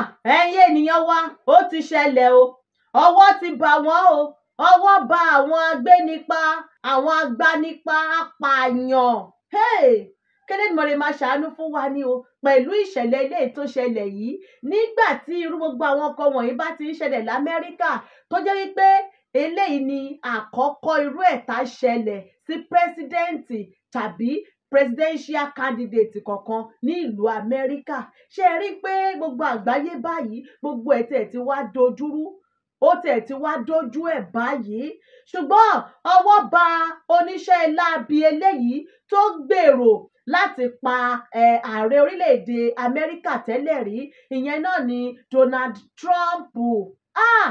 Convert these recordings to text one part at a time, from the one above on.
Ah, ẹ̀yin ènìyàn wa ó ti ṣẹlẹ̀ o ọwọ́ ti bà wọ́n o ọwọ́ bà àwọn agbénipa àwọn agbanipa apààyàn kéde mọ̀rẹ́ máa ṣàánú fún wa ni o pẹ̀lú ìṣẹ̀lẹ̀ ilé tó ṣẹlẹ̀ yìí nígbà tí irú gbogbo àwọn ọkọ̀ wọ̀nyí bá ti ń ṣẹlẹ̀ lamẹ́ríkà tó jẹ́ wípé eléyìí ni àkọ́kọ́ irú ẹ̀ tá ṣẹlẹ̀ sí pírẹ́sídẹ́ǹtì tàbí presidential candidate kankan ní ìlú Amẹ́ríkà ṣé ẹ rí i pé gbogbo àgbáyé báyìí gbogbo ẹ̀ tẹ̀ ti wá dojúrú ó tẹ̀ ti wá dojú ẹ̀ báyìí ṣùgbọ́n ọwọ́ ba oníṣẹ́ láabi eléyìí tó gbèrò láti pa ààrẹ orílẹ̀-èdè Amẹ́ríkà tẹ́lẹ̀ rí ìyẹn náà ni Donald Trump ah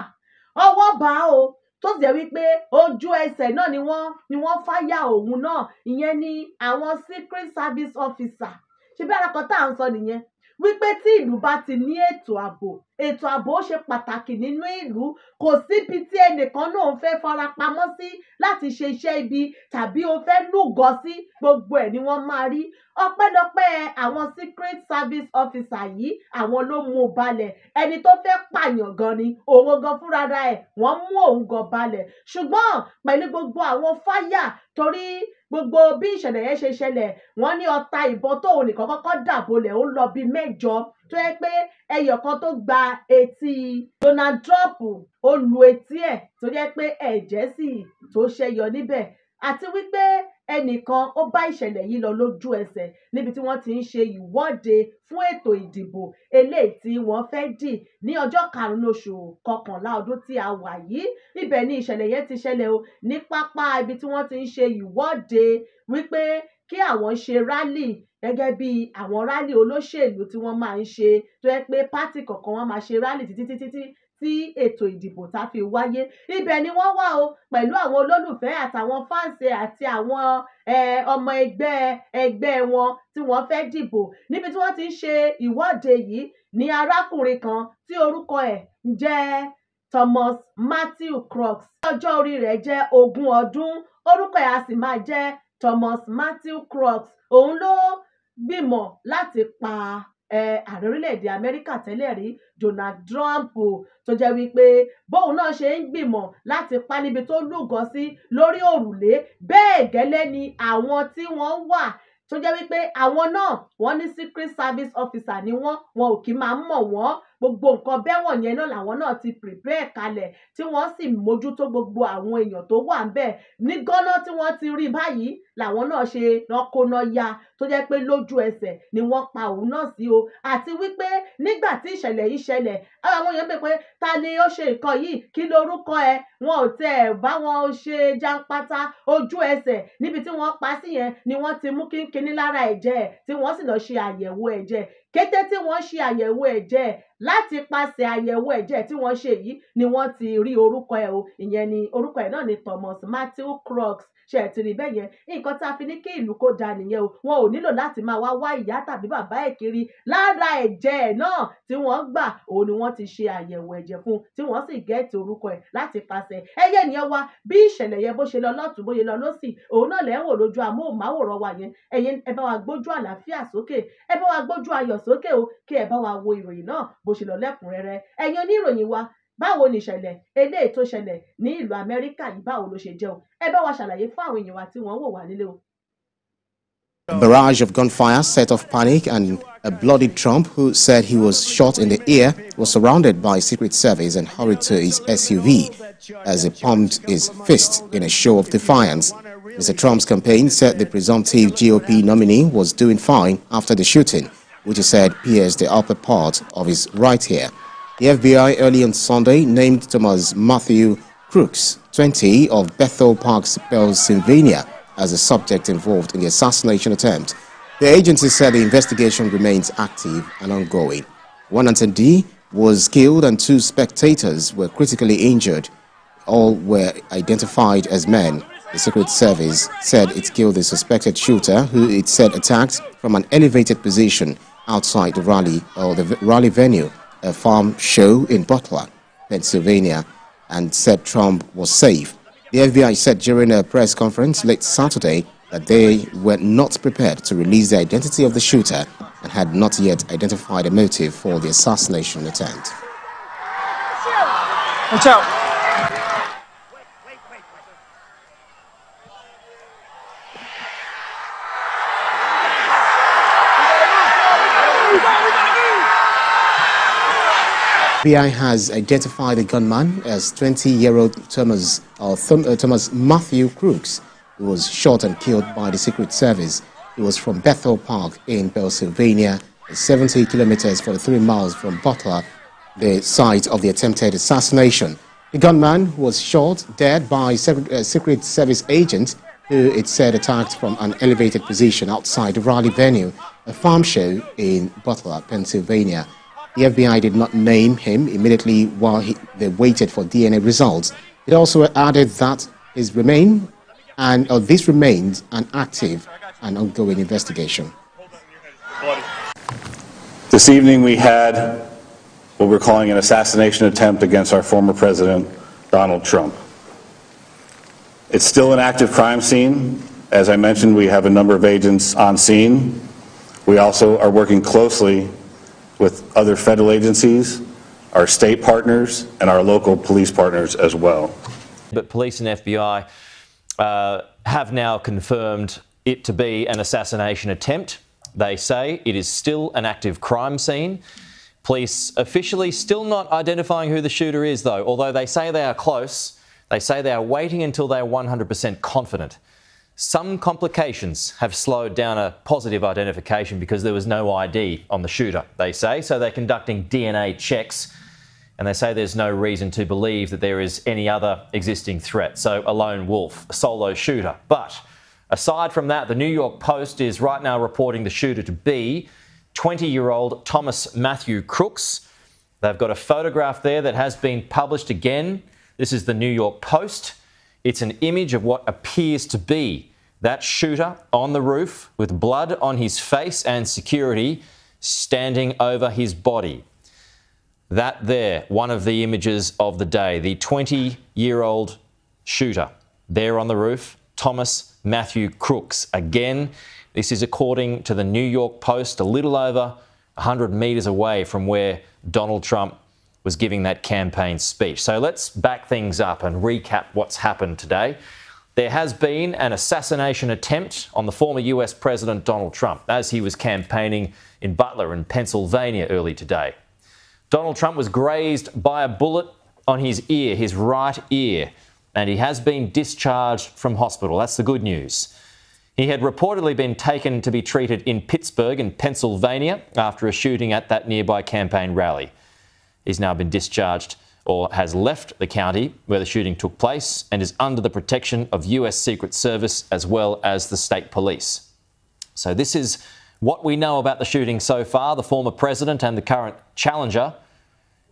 ọwọ́ bá o tó sì jẹ́ wípé ojú ẹsẹ̀ náà ni wọ́n ni wọ́n fáyà òun náà ìyẹn ni àwọn secret service officer ṣe bí alákọ̀ọ́tà ń sọ nìyẹn wípé tí ìlú bá ti ní ètò ààbò ètò ààbò ṣe pàtàkì nínú ìlú kò síbi tí ẹnìkan náà ń fẹ́ farapamọ́ sí láti ṣe iṣẹ́ ibi tàbí o fẹ́ lúgọ sí gbogbo ẹ̀ ni wọ́n máa rí ọpẹ́lọpẹ́ àwọn secret service officer yìí àwọn ló mú balẹ̀ ẹni tó fẹ́ pààyàn gan ni òun gan fúnra ẹ̀ wọ́n mú òun gan balẹ̀ ṣùgbọ́n pẹ̀lú gbogbo àwọn fáyà torí gbogbo bí ìṣẹ̀lẹ̀ yẹn ṣe ṣẹlẹ̀ wọ́n ní ọta ìbọn tóun nìkan kọ́kọ́ dàbolẹ̀ ó lọ bíi mẹ́jọ tó yẹ pé ẹyọ̀kan tó gba etí Donald Trump ó lu etí ẹ̀ tó jẹ́ pé ẹ̀jẹ̀ sì tó ṣẹyọ níbẹ̀ àti wípé ẹnìkan ó bá ìṣẹ̀lẹ̀ yìí lọ lójú ẹsẹ̀ níbi tí wọ́n ti ń ṣe ìwọ́de fún ètò ìdìbò eléyìí tí wọ́n fẹ́ dì ní ọjọ́ karùn-ún oṣù kọkànlá ọdún tí a wà yìí ibẹ̀ ni ìṣẹ̀lẹ̀ yẹn ti ṣẹlẹ̀ o ní pápá ibi tí wọ́n ti ń ṣe ìwọ́de wípé kí àwọn ṣe rálì gẹ́gẹ́ bí àwọn rálì olóṣèlú tí wọ́n máa ń ṣe tó yẹ pé pátì kọ̀ọ̀kan wọ́n máa ṣe rálì títí títí tí tí ètò ìdìbò tá fi wáyé ibẹ̀ ni wọ́n wà o pẹ̀lú àwọn olólùfẹ́ àtàwọn fáǹsì àti àwọn ọmọ ẹgbẹ́ ẹgbẹ́ wọn tí wọ́n fẹ́ dìbò níbi tí wọ́n ti ń ṣe ìwọ́de yìí ni arákùnrin kan tí orúkọ ẹ̀ ń jẹ́ Thomas Matthew Crooks ọjọ́ orí rẹ̀ jẹ́ ogún ọdún orúkọ ẹ̀ a sì máa jẹ́ Thomas Matthew Crooks òun ló gbìmọ̀ láti pa ààrẹ orílẹ̀-èdè Amẹ́ríkà tẹ́lẹ̀ rí Donald Trump tó jẹ́ wípé bóun náà ṣe ń gbìmọ̀ láti pa níbi tó lúgọ sí lórí òrùlé bẹ́ẹ̀ gẹ́lẹ́ ni àwọn tí wọ́n wà tó jẹ́ wípé àwọn náà wọ́n ní secret service officer ni wọ́n wọn ò kì máa mọ̀ wọ́n gbogbo nǹkan bẹ́ẹ̀ wọ̀nyẹn náà làwọn náà ti prepare kalẹ̀ tí wọ́n sì mójútó gbogbo àwọn èèyàn tó wà ń ní gánà tí wọ́n ti rí báyìí làwọn náà ṣe nọkóná ya tó jẹ́ pé lójú ẹsẹ̀ ni wọ́n pa òun náà sí o àti wípé nígbà tí ìṣẹ̀lẹ̀ yìí ṣẹlẹ̀ àwọn èèyàn pè pé ta ni ó ṣe nǹkan yìí kí lorúkọ ẹ wọn ò tẹ ẹ bá wọn ṣe jáńpátá ojú ẹsẹ̀ níbi tí wọ́n pa sí yẹn ni wọ́n ti mú kínkínní lára ẹ̀jẹ̀ tí wọ́n sì lọ ṣe àyẹ̀wò ẹ̀jẹ̀ kété tí wọ́n ṣe àyẹ̀wò ẹ̀jẹ̀ láti paṣẹ àyẹ̀wò ẹ̀jẹ̀ tí wọ́n ṣe yìí ni wọ́n ti rí orúkọ ẹ̀ o ìyẹn ni orúkọ ẹ̀ náà ni Thomas Matthew Crooks ṣe ti rí bẹ́ẹ̀ yẹn nǹkan tá a fi ní kí ìlú kó da nìyẹn o wọn ò nílò láti máa wá wá ìyá tàbí bàbá ẹ̀ kiri lára ẹ̀jẹ̀ ẹ̀ náà tí wọ́n gbà òun ni wọ́n ti ṣe àyẹ̀wò ẹ̀jẹ̀ fún tí wọ́n sì gẹ́ẹ̀tì orúkọ ẹ̀ láti pàṣẹ ẹyẹ nìyẹn wa bí ìṣẹ̀lẹ̀ yẹn bó ṣe lọ lọ́tún bó ṣe lọ lọ́sì òun náà lẹ́ ń wò lójú amóhùnmáwòrán wa yẹn ẹ̀yin ẹ bá wa gbójú àlàáfíà sókè ẹ bá wa gbójú ayọ̀ fọyàn sókè o kí ẹ bá wa wo ìròyìn náà bó ṣe lọ lẹ́kùnrẹ́rẹ́ ẹ̀yin oníròyìn wa báwo ni ìṣẹ̀lẹ̀ eléyìí tó ṣẹlẹ̀ ní ìlú Amẹ́ríkà yìí báwo ló ṣe jẹun ẹ bá wa ṣàlàyé fún àwọn èèyàn wa tí wọ́n wò wá nílé o. barrage of gunfire set off panic and a bloodied Trump who said he was shot in the ear was surrounded by Secret Service and hurried to his SUV as he pumped his fist in a show of defiance. Mr. Trump's campaign said the presumptive GOP nominee was doing fine after the shooting which he said pierced the upper part of his right ear. The FBI early on Sunday named Thomas Matthew Crooks, 20, of Bethel Park, Pennsylvania, as the subject involved in the assassination attempt. The agency said the investigation remains active and ongoing. One attendee was killed and two spectators were critically injured. All were identified as men the Secret Service said it killed the suspected shooter, who it said attacked from an elevated position outside the rally or the rally venue, a farm show in Butler, Pennsylvania, and said Trump was safe. The FBI said during a press conference late Saturday that they were not prepared to release the identity of the shooter and had not yet identified a motive for the assassination attempt. Watch out. FBI has identified the gunman as 20-year-old Thomas, uh, uh, Thomas Matthew Crooks, who was shot and killed by the Secret Service. He was from Bethel Park in Pennsylvania, 70 kilometers, 43 miles from Butler, the site of the attempted assassination. The gunman was shot dead by uh, Secret Service agents who it said attacked from an elevated position outside the rally venue, a farm show in Butler, Pennsylvania. The FBI did not name him immediately while he, they waited for DNA results. It also added that his remain and uh, this remains an active and ongoing investigation. This evening we had what we're calling an assassination attempt against our former president, Donald Trump. It's still an active crime scene. As I mentioned, we have a number of agents on scene. We also are working closely with other federal agencies, our state partners, and our local police partners as well. But police and FBI uh, have now confirmed it to be an assassination attempt. They say it is still an active crime scene. Police officially still not identifying who the shooter is, though, although they say they are close. They say they are waiting until they are 100% confident. Some complications have slowed down a positive identification because there was no ID on the shooter, they say. So they're conducting DNA checks and they say there's no reason to believe that there is any other existing threat. So a lone wolf, a solo shooter. But aside from that, the New York Post is right now reporting the shooter to be 20 year old Thomas Matthew Crooks. They've got a photograph there that has been published again. This is the New York Post. It's an image of what appears to be that shooter on the roof with blood on his face and security standing over his body. That there, one of the images of the day, the 20 year old shooter there on the roof, Thomas Matthew Crooks. Again, this is according to the New York Post, a little over 100 metres away from where Donald Trump was giving that campaign speech. So let's back things up and recap what's happened today. There has been an assassination attempt on the former US President Donald Trump as he was campaigning in Butler in Pennsylvania early today. Donald Trump was grazed by a bullet on his ear, his right ear, and he has been discharged from hospital. That's the good news. He had reportedly been taken to be treated in Pittsburgh, in Pennsylvania, after a shooting at that nearby campaign rally. He's now been discharged or has left the county where the shooting took place and is under the protection of US Secret Service as well as the state police. So, this is what we know about the shooting so far. The former president and the current challenger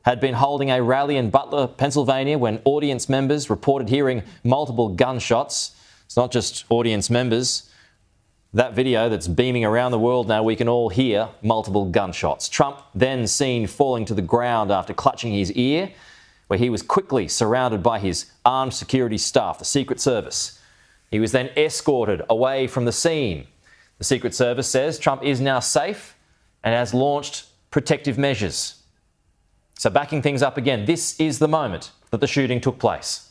had been holding a rally in Butler, Pennsylvania, when audience members reported hearing multiple gunshots. It's not just audience members. That video that's beaming around the world now, we can all hear multiple gunshots. Trump then seen falling to the ground after clutching his ear where he was quickly surrounded by his armed security staff, the Secret Service. He was then escorted away from the scene. The Secret Service says Trump is now safe and has launched protective measures. So, backing things up again, this is the moment that the shooting took place.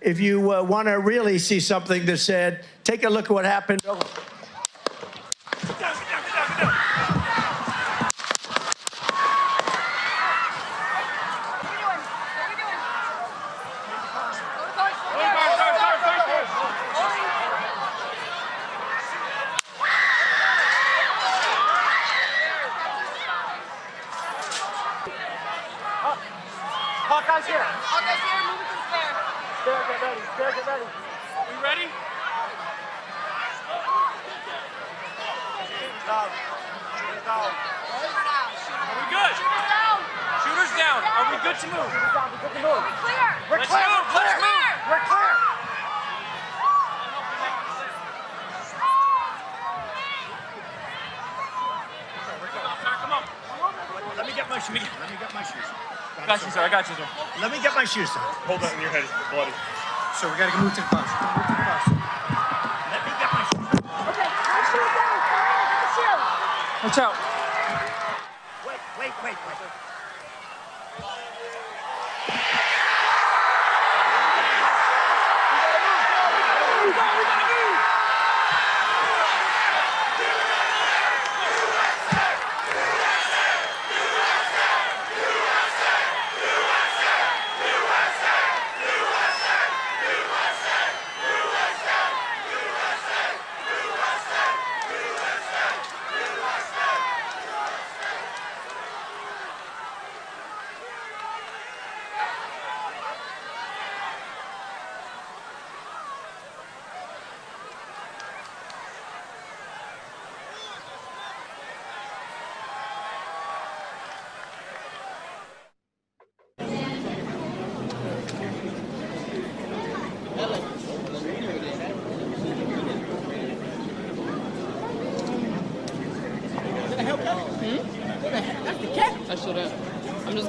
If you uh, want to really see something that said, take a look at what happened. good to move. Good to move. We're clear. We're clear. We're clear. We're clear. Let me get my shoes. Let me get my shoes. I got you, sir. I got you, sir. Let me get my shoes, sir. Hold that in your head. It's bloody. So we gotta move to the bus. Move to the bus. Let me get my shoes. Okay, my shoes down. Get the shoe. Watch out. Thank you.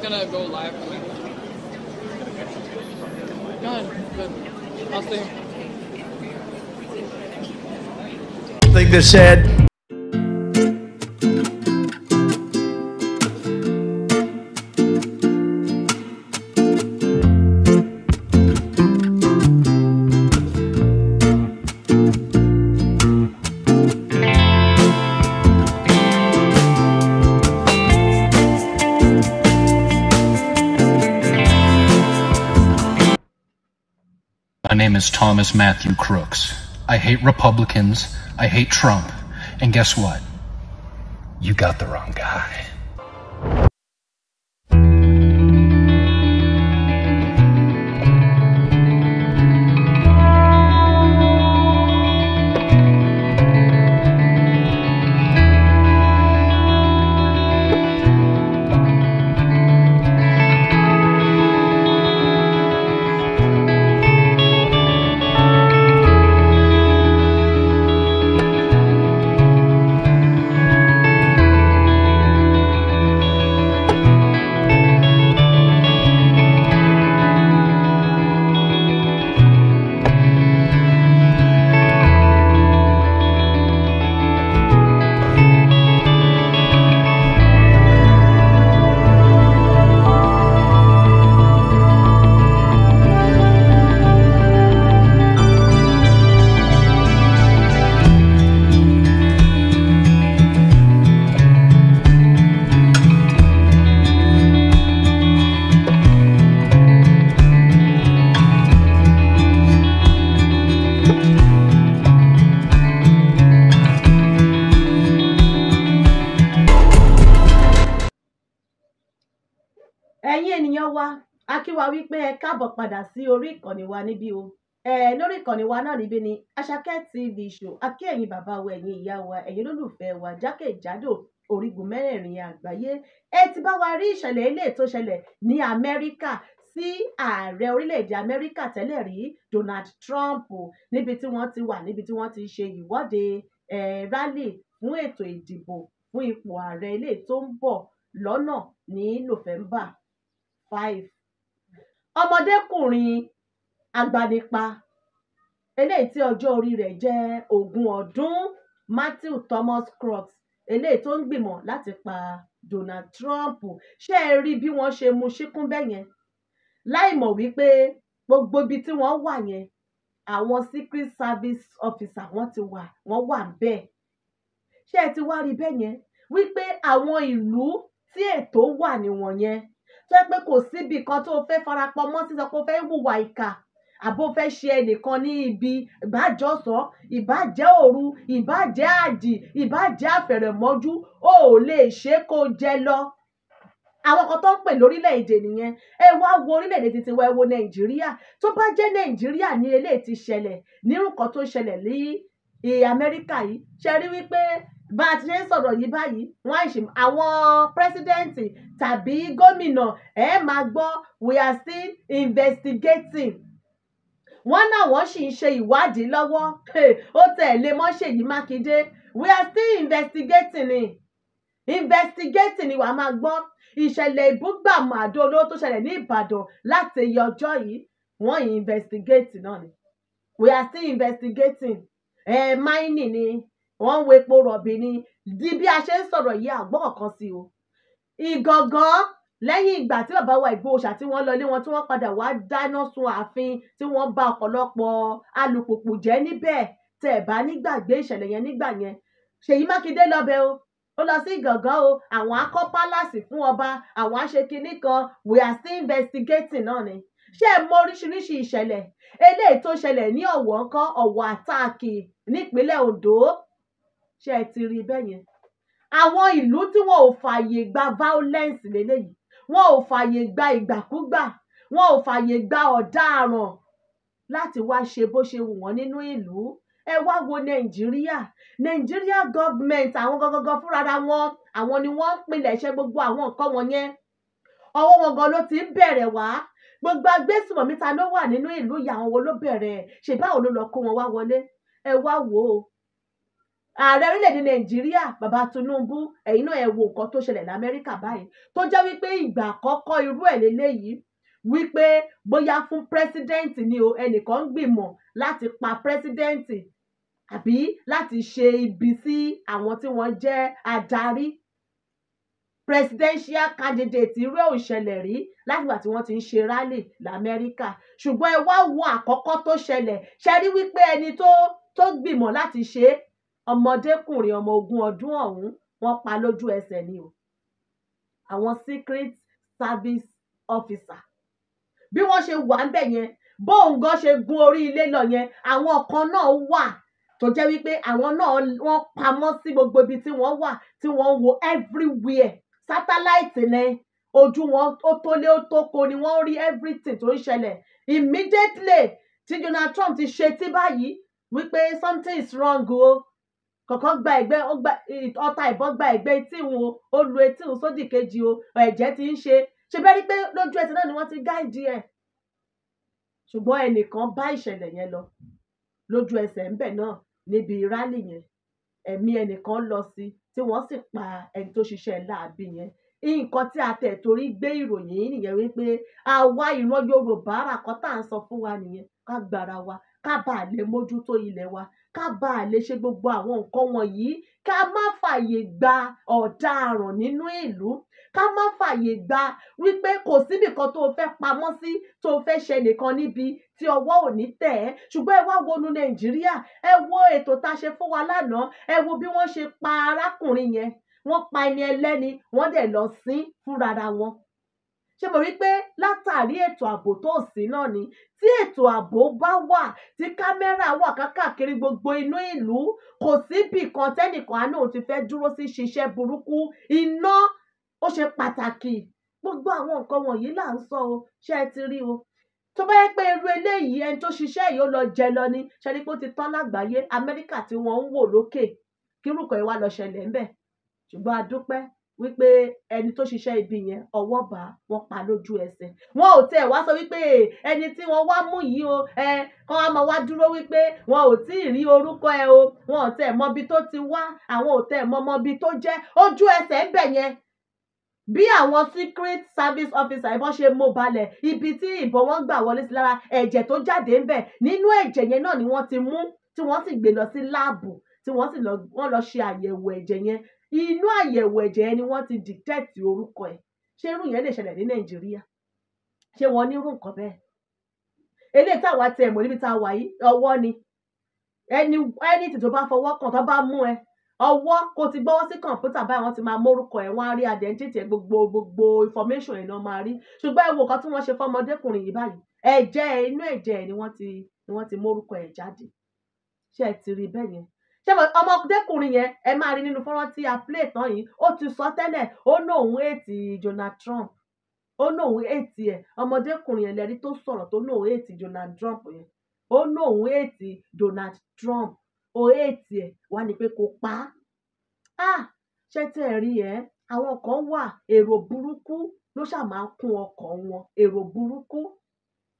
gonna go live. I'll I think they said name is Thomas Matthew Crooks. I hate Republicans. I hate Trump. And guess what? You got the wrong guy. ẹ káàbọ̀ padà sí orí ìkànnì wa níbí o lórí ìkànnì wa náà níbí ni Àṣàkẹ́ TV show akí ẹ̀yin bàbá wa ẹ̀yin ìyá wa ẹ̀yin olólùfẹ́ wa jákèjádò orígun mẹ́rẹ̀ẹ̀rin àgbáyé ẹ ti bá wa rí ìṣẹ̀lẹ̀ ilé tó ṣẹlẹ̀ ní Amẹ́ríkà sí ààrẹ orílẹ̀-èdè Amẹ́ríkà tẹ́lẹ̀ rí Donald Trump níbi tí wọ́n ti wà níbi tí wọ́n ti ṣe ìwọ́de rally fún ètò ìdìbò fún ipò ààrẹ ilé tó ń bọ̀ lọ́nà ní November five ọmọdékùnrin agbanipa eléyìí tí ọjọ́ orí rẹ̀ jẹ́ ogún ọdún Matthew Thomas Crooks eléyìí tó ń gbìmọ̀ láti pa Donald Trump ṣé ẹ rí bí wọ́n ṣe mú síkún bẹ́ẹ̀ yẹn láì mọ̀ wípé gbogbo ibi tí wọ́n wà yẹn àwọn secret service officer wọ́n ti wà wọ́n wà bẹ́ẹ̀ ṣé ẹ ti wá rí bẹ́ẹ̀ yẹn wípé àwọn ìlú tí ètò wà nìwọ̀nyẹn tó pé kò síbi kan tó fẹ́ farapamọ́ sí sọ pé ó fẹ́ hùwà ìkà àbó fẹ́ ṣe ẹnìkan ní ibi ìbájọ́sọ ìbàjẹ́ òru ìbàjẹ́ àjì ìbàjẹ́ àfẹ̀rẹ̀mọ́jú ó lè ṣe kó jẹ lọ àwọn kan tó ń pè lórílẹ̀‐èdè nìyẹn ẹ wá wo orílẹ̀‐èdè títí wa ẹ wo nàìjíríà tó bá jẹ́ nàìjíríà ní eléyìí ti ṣẹlẹ̀ nírú kan tó ṣẹlẹ̀ ní eh, amẹ́ríkà yìí ṣe rí wípé bá a ti ṣe ń sọ̀rọ̀ yìí báyìí wọ́n á ṣe àwọn pírẹ́sídẹ́ǹtì tàbí gómìnà ẹ̀ máa gbọ́ we are still investigating wọ́n náà wọ́n sì ń ṣe ìwádìí lọ́wọ́ ó tẹ̀lé mọ́ṣẹ́ yìí mákindé we are still investigating ni investigating ni wàá máa gbọ́ ìṣẹ̀lẹ̀ ìbúgbàmù àdó olóró tó ṣẹlẹ̀ ní ìbàdàn láti iye ọjọ́ yìí wọ́n yìí investigating náà ni we are still investigating ẹ̀ eh, mining ni wọ́n ń wo epo rọ̀bì ni di bí a ṣe ń sọ̀rọ̀ yìí àgbọ̀n kan sí o ìgangan lẹ́yìn ìgbà tí bàbá wa Ìgbòho tí wọ́n lọlé wọn tí wọ́n padà wá dáná sun ààfin tí wọ́n bà ọ̀pọ̀lọpọ̀ alùpùpù jẹ́ níbẹ̀ tẹ̀ bá nígbàgbé ìṣẹ̀lẹ̀ yẹn nígbà yẹn Ṣèyí Mákindé lọ́bẹ̀ o ó lọ sí Ìgangan o àwọn akọ́ pálásì fún ọba àwọn àṣẹ kinní kan we are still investigating náà ni ṣé ẹ mọ oríṣiríṣi ìṣẹ̀lẹ̀ eléyìí tó ṣẹlẹ̀ ní Ọ̀wọ̀ ńkọ́ Ọ̀wọ̀ àtàkì nípínlẹ̀ Ondo ṣé ẹ ti rí bẹ́ẹ̀ yẹn àwọn ìlú tí wọn ò fààyè gba violence lélẹ́yìí wọn ò fààyè gba ìgbàkúgbà wọn ò fààyè gba ọ̀daràn láti wá ṣe bó ṣe wù wọ́n nínú ìlú ẹ wá wo nàìjíríà nàìjíríà gọọmenti àwọn gangan fúnra wọn àwọn ni wọ́n ń pilẹ̀ṣẹ̀ gbogbo àwọn nǹkan wọn yẹn ọwọ́ wọn gan ló ti ń bẹ̀rẹ̀ wá gbogbo agbésùmọ̀mí ta ló wà nínú ìlú ìyá wo ló bẹ̀rẹ̀ ṣèbáwo ló lọ kó wọn wá wọlé ẹ wá wò ó ààrẹ orílẹ̀-èdè nàìjíríà bàbá tinubu ẹ̀yin náà ẹ wo nǹkan tó ṣẹlẹ̀ lamẹ́ríkà báyìí tó jẹ́ wípé ìgbà àkọ́kọ́ irú ẹ̀ lélẹ́yìí wípé bóyá fún pírẹsidẹ́ǹtì ni o ẹnìkan ń gbìmọ̀ láti pa pírẹsidẹ́ǹtì àbí láti ṣe ibi sí àwọn tí wọ́n jẹ́ adarí presidential candidate irú ẹ̀ ò ṣẹlẹ̀ rí látìgbà tí wọ́n ti ń ṣe rally lamẹ́ríkà ṣùgbọ́n ẹ wá wo àkọ́kọ́ tó ṣẹlẹ̀ ṣe rí wípé ẹni tó tó gbìmọ̀ láti ṣe é ọmọdékùnrin ọmọ ogún ọdún ọ̀hún wọ́n pa lójú ẹsẹ̀ ni o àwọn secret service officer bí wọ́n ṣe wà ń bẹ̀ yẹn bóun gan ṣe gun orí ilé lọ yẹn àwọn kan náà wà tó jẹ́ wípé àwọn náà wọ́n pamọ́ sí gbogbo ibi tí wọ́n wà tí wọ́n ń wo everywhere satellite ni ojú wọn ó tó lé ó tó ko ni wọ́n rí everything tó ń ṣẹlẹ̀ immediately tí Donald Trump ti ṣe tí báyìí wípé something is wrong o kọ̀ọ̀kan gba ẹ̀gbẹ́ ọta ìbọn gba ẹ̀gbẹ́ etí wọn ó lu etí wọn sódì kejì o ẹ̀jẹ̀ ti ń ṣe ṣe bẹ́ẹ̀ rí pé lójú ẹsẹ̀ náà ni wọ́n ti gáìdì ẹ̀ ṣùgbọ́n ẹnìkan bá ìṣẹ̀lẹ̀ yẹn lọ lójú ẹsẹ̀ ńbẹ̀ náà níbi rálì yẹn ẹ̀mí ẹnìkan lọ sí tí wọ́n sì pa ẹni tó ṣiṣẹ́ láabi yẹn nǹkan tí a tẹ̀ torí gbé ìròyìn nìyẹn wípé àwa ìran Yorùbá àràkọ́ tá à ń sọ fún wa nìyẹn ká gbára wa ká bá lè mójútó ilẹ̀ wa ká bá lè ṣe gbogbo àwọn nǹkan wọ̀nyí ká má fàyè gba ọ̀daràn nínú ìlú ká má fàyè gba wípé kò síbìkan tó fẹ́ pamọ́ sí tó fẹ́ ṣe nìkan níbi tí ọwọ́ ò ní tẹ̀ ẹ́ ṣùgbọ́n ẹ wá wọnú nàìjíríà ẹ wo ètò tá a ṣe fún wa lánàá ẹ wo bí wọ́n ṣe pa arákùnrin yẹn wọ́n pa ẹni ẹlẹ́ni wọ́n dẹ̀ lọ sin fúnra wọn ṣé mo rí pé látàrí ètò ààbò tó sí náà ni tí ètò ààbò bá wà tí kámẹ́rà wà kákàkiri gbogbo inú ìlú kò síbì kan tẹ́nìkan àánú ti fẹ́ dúró sí ṣiṣẹ́ burúkú iná ó ṣe pàtàkì gbogbo àwọn nǹkan wọ̀nyí là ń sọ o ṣé ẹ ti rí o tó bá yẹ pé irú eléyìí ẹni tó ṣiṣẹ́ yìí ó lọ jẹ lọ ni ṣẹ́ni pé ó ti tán lágbàáyé Amẹ́ríkà tí wọ́n ń wò lókè kírùkọ̀ yìí wá lọ ṣẹlẹ̀ ńbẹ̀ ṣùgbọ́n a dúpẹ́ wípé ẹni tó ṣiṣẹ́ ibi yẹn ọwọ́ bá wọn pa lójú ẹsẹ̀ wọn ò tẹ̀ wá sọ wípé ẹni tí wọ́n wá mú yìí o ẹ kàn á máa wá dúró wípé wọn ò tí ì rí orúkọ ẹ o wọn ò tẹ̀ mọbi tó ti wá àwọn ò tẹ̀ mọmọbi tó jẹ́ ojú ẹsẹ̀ ń bẹ̀ yẹn bí àwọn secret service officer ìbọn ṣe mú balẹ̀ ibi tí ìbọn wọn gbà wọlé sí lára ẹ̀jẹ̀ tó jáde ń bẹ̀ nínú ẹ̀jẹ̀ yẹn náà ni wọ́n ti mú tí wọ́n sì gbé lọ sí láàbù tí wọ́n sì lọ ṣe àyẹ̀wò ẹ̀jẹ̀ yẹn inú àyẹ̀wò ẹ̀jẹ̀ ni wọ́n ti dìtẹ́ẹ̀tì orúkọ ẹ̀ ṣé irú yẹn lè ṣẹlẹ̀ ní nàìjíríà ṣé wọ́n ní irú nǹkan bẹ́ẹ̀ eléyìí táwa tẹ ẹ̀mọ́ níbi tá a wà yìí ọwọ́ ni ẹni ẹni tí tó bá fọwọ́ kàn tó bá mú ẹ ọwọ́ kó ti gbọ́wọ́ sí kọ̀ǹpútà báyìí wọ́n ti máa mórúkọ ẹ̀ wọ́n á rí identity ẹ̀ gbogbo gbogbo information ẹ̀ náà máa rí ṣùgbọ́n ẹ̀wò kan tí wọ́n ṣe fọmọdékùnrin yìí báyìí ẹ̀jẹ̀ inú ẹ̀jẹ̀ ni wọ́n ti ni wọ́n ti mórúkọ ẹ̀ jáde ṣé ẹ ti rí bẹ́ẹ̀ yẹn ṣé ọmọdékùnrin yẹn ẹ máa rí nínú fọ́nrán tí a play tán yìí ó ti sọ tẹ́lẹ̀ ó ní òun èètì Donald Trump ó ní òun èètì ẹ̀ ọmọdékùnrin yẹn lẹ́rí tó sọ̀rọ̀ tó ní òun èètì Donald Trump yẹn ó ní òun èètì Donald Trump ó èètì ẹ̀ wá ní pé kó pa á ṣé tẹ́ ẹ rí ẹ àwọn kan wà èrò burúkú ló ṣáà máa ń kún ọkàn wọn èrò burúkú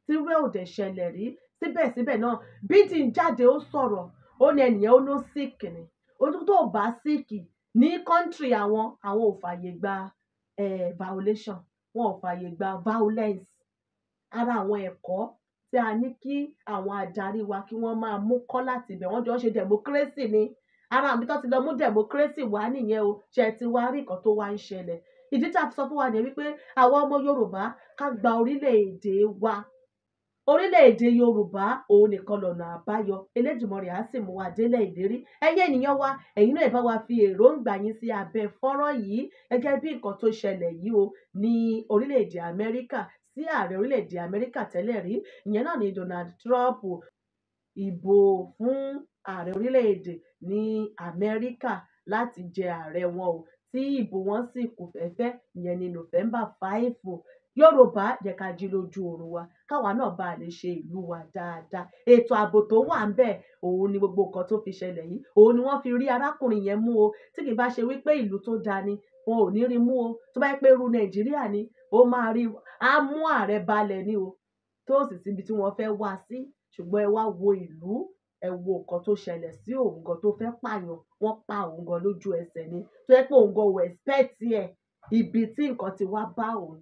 tí wẹ́ẹ̀ ò dẹ̀ ṣẹlẹ̀ rí síbẹ̀síbẹ̀ náà Biden jáde ó sọ̀rọ̀ ó ní ẹnìyẹn ó ló sick ni ó tó bá sick ní country àwọn àwọn ò fàyè gba eh, violation wọn ò fàyè gba violence ara àwọn ẹ̀kọ́ tí a ní kí àwọn adarí wa kí wọ́n máa mú kọ́ láti ibẹ̀ wọ́n jọ ṣe democracy ni ara àmì tó ti lọ mú democracy wá nìyẹn o ṣe ti wá rí nǹkan tó wá ń ṣẹlẹ̀ ìdí tá a fi sọ fún wa nìyẹn wípé àwa ọmọ Yorùbá ká gba orílẹ̀-èdè wa orílẹ̀-èdè yorùbá òun nìkan lọ́nà àbáyọ elédùnmọ̀rì á sì mú wa délẹ̀ ìlérí ẹ̀yin ènìyàn wa ẹ̀yin náà ẹ bá wa fi èròǹgbà yín sí abẹ́ fọ́nrán yìí gẹ́gẹ́ bí nǹkan tó ṣẹlẹ̀ yìí o ní orílẹ̀-èdè amẹ́ríkà sí ààrẹ orílẹ̀-èdè amẹ́ríkà tẹ́lẹ̀ rí ìyẹn náà ni donald trump ìbò fún ààrẹ orílẹ̀-èdè ní amẹ́ríkà láti jẹ ààrẹ wọn o tí ìbò wọn sì kù fẹ́fẹ́ ìyẹn ní november five yorùbá jẹ́ ká jí lójú oorun wa káwa náà bá lè ṣe ìlú wa dáadáa ètò ààbò tó wà ń bẹ̀ òun ni gbogbo nǹkan tó fi ṣẹlẹ̀ yìí òun ni wọ́n fi rí arákùnrin yẹn mú o tí kì bá ṣe wípé ìlú tó da ni wọn ò ní rí mú o tó bá yẹ pé ru nàìjíríà ni ó máa rí á mú ààrẹ balẹ̀ ni o tó sì síbi tí wọ́n fẹ́ wá sí ṣùgbọ́n ẹ wá wo ìlú ẹ wo nǹkan tó ṣẹlẹ̀ sí òun gan tó fẹ́ pààyàn wọ́n pa òun gan lójú ẹsẹ̀ ni tó yẹ pé òun gan wò ẹ̀spẹ̀tì ẹ̀ ibi tí nǹkan ti wá bá òun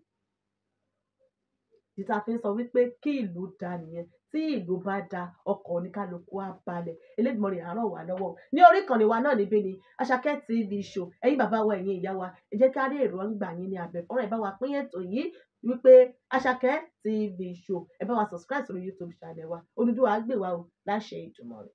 ìta fi ń sọ wípé kí ìlú da nìyẹn tí ìlú bá da ọkọ̀ oníkálukú á balẹ̀ Elédùmarè á ràn wá lọ́wọ́ ní orí ìkànnì wa náà níbí ni Àṣàkẹ́ TV show ẹ̀yin bàbá wa ẹ̀yin ìyá wa ẹ jẹ́ ká rí èròǹgbà yín ní abẹ́fọ́rọ̀ ẹ bá wa pín ètò yìí wípé Àṣàkẹ́ TV show ẹ bá wa subscribe sórí YouTube channel wa Odùduwà á gbè wá o láṣẹ Èdùmàrè.